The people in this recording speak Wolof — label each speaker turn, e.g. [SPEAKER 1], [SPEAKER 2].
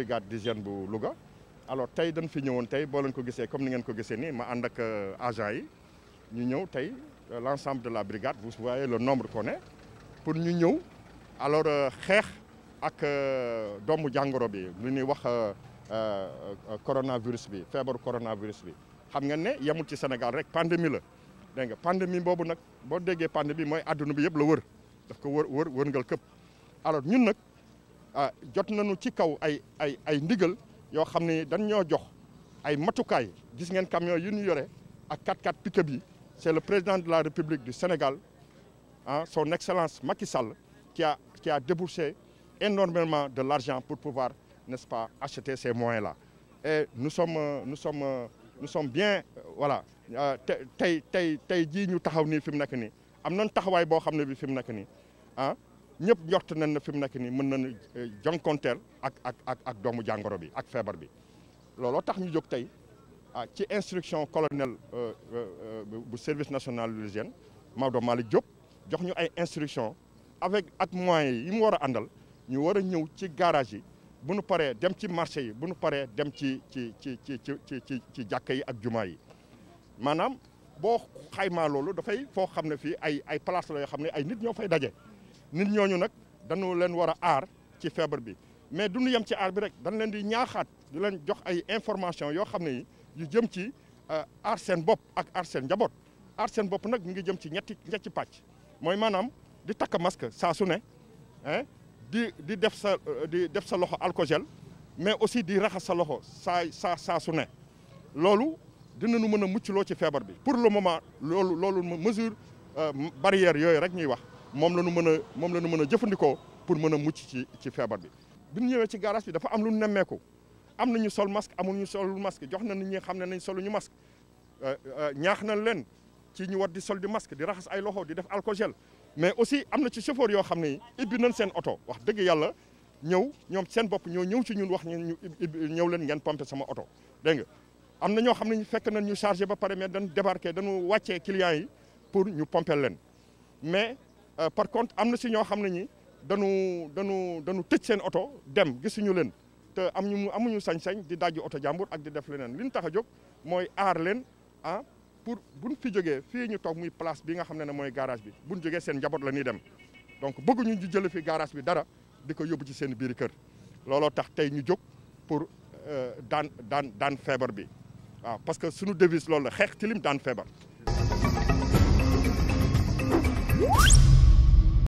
[SPEAKER 1] brigade d'hygiène bu Louga alors tey dañ fi ñëwoon tey boo leen ko gisee comme ni ngeen ko gisee ni ma ànd ak euh, agent yi ñu ñëw tey euh, l'ensemble de la brigade vous voyez le nombre qu'on est pour ñu ñëw alors euh, xeex ak doomu jàngoro bi lu ñuy wax coronavirus bi feebaru coronavirus bi xam nga ne yemul ci Sénégal rek pandémie la dégg nga pandémie boobu nag boo déggee pandémie mooy àdduna bi yëpp la wër daf ko wër wër wërngal këpp ah jot nañu ci kaw ay ay ay ndigal yoo xam ne dan ñoo jox ay matukaay gis ngeen camion yu ñu yore ak 4x4 pick-up c'est le président de la République du Sénégal ah son excellence Macky Sall qui a qui a déboursé énormément de l'argent pour pouvoir n'est-ce pas acheter ces moyens-là et nous sommes nous sommes nous sommes bien euh, voilà euh, tey tey tey jii ñu taxaw nii fi mu nekk nii am nañ taxawaay boo xam ne bi fi mu nekk nii ah ñëpp njort nañ na fi mu nekk nii mën nañu euh, jonkonteel ak ak ak ak doomu jàngoro bi ak feebar bi looloo tax ñu jóg tey ah ci instruction colonel euh, euh, bu service national de l'hygiène Maodo Malick Diop jox ñu ay instruction avec ak moyens yi mu war a àndal ñu war a ñëw ci garage yi bu nu paree dem ci marché yi bu nu paree dem ci ci ci ci ci ci ci jàkka yi ak jumaa yi maanaam boo xaymaa loolu dafay foo xam ne fii ay ay place la yoo xam ne ay nit ñoo fay daje. nit ñooñu nag dañu leen war a aar ci feebar bi mais du yem ci aar bi rek dañ leen di ñaaxaat di leen jox ay information yoo xam ne yi yu jëm ci euh, aar seen bopp ak aar seen njaboot aar seen bopp nag mu ngi jëm ci ñetti ñetti pàcc mooy maanaam di takk masque saa su ne di di def sa euh, di def sa loxo alcogel mais aussi di raxas sa loxo saa saa saa su ne loolu nu mën a muccloo ci feebar bi pour le moment loolu loolu mesure euh, barrière yooyu rek ñuy wax moom la ñu mën a moom la ñu mën a jëfandikoo pour mën a mucc ci ci feebar bi. bi ñu ñëwee ci garage bi dafa am lu nemmeeku am nañu sol masque amul ñu sol masque jox na nit ñi xam ne nañ solu ñu masque euh, euh, ñaax nañ leen ci ñu war di sol di masque di raxas ay loxo di def alcool mais aussi am na ci chauffeur yoo xam ne ibbi nañ seen oto wax dëgg yàlla ñëw ñoom seen bopp ñoo ñëw ci ñun wax ñu ñëw leen ngeen pomper sama oto dégg nga am na ñoo xam ne fekk nañ ñu chargé ba pare mais dañ débarqué dañu wàccee clients yi pour ñu pomper leen mais Euh, par contre am na si ñoo xam ne ñi dañu dañu dañu tëj seen oto dem gisuñu leen te am ñu amuñu sañ-sañ di daj oto jàmbur ak di def leneen li ñu tax a jóg mooy aar leen ah pour buñ fi jógee fii ñu toog muy place bi nga xam ne ne mooy garage bi bu buñ jógee seen njaboot la ñuy dem donc bëgguñu ñu jële fi garage bi dara di ko yóbbu ci seen biir kër looloo tax tey ñu jóg pour euh, daan daan daan feebar bi waaw parce que suñu devise loolu la xeex tilim daan feebar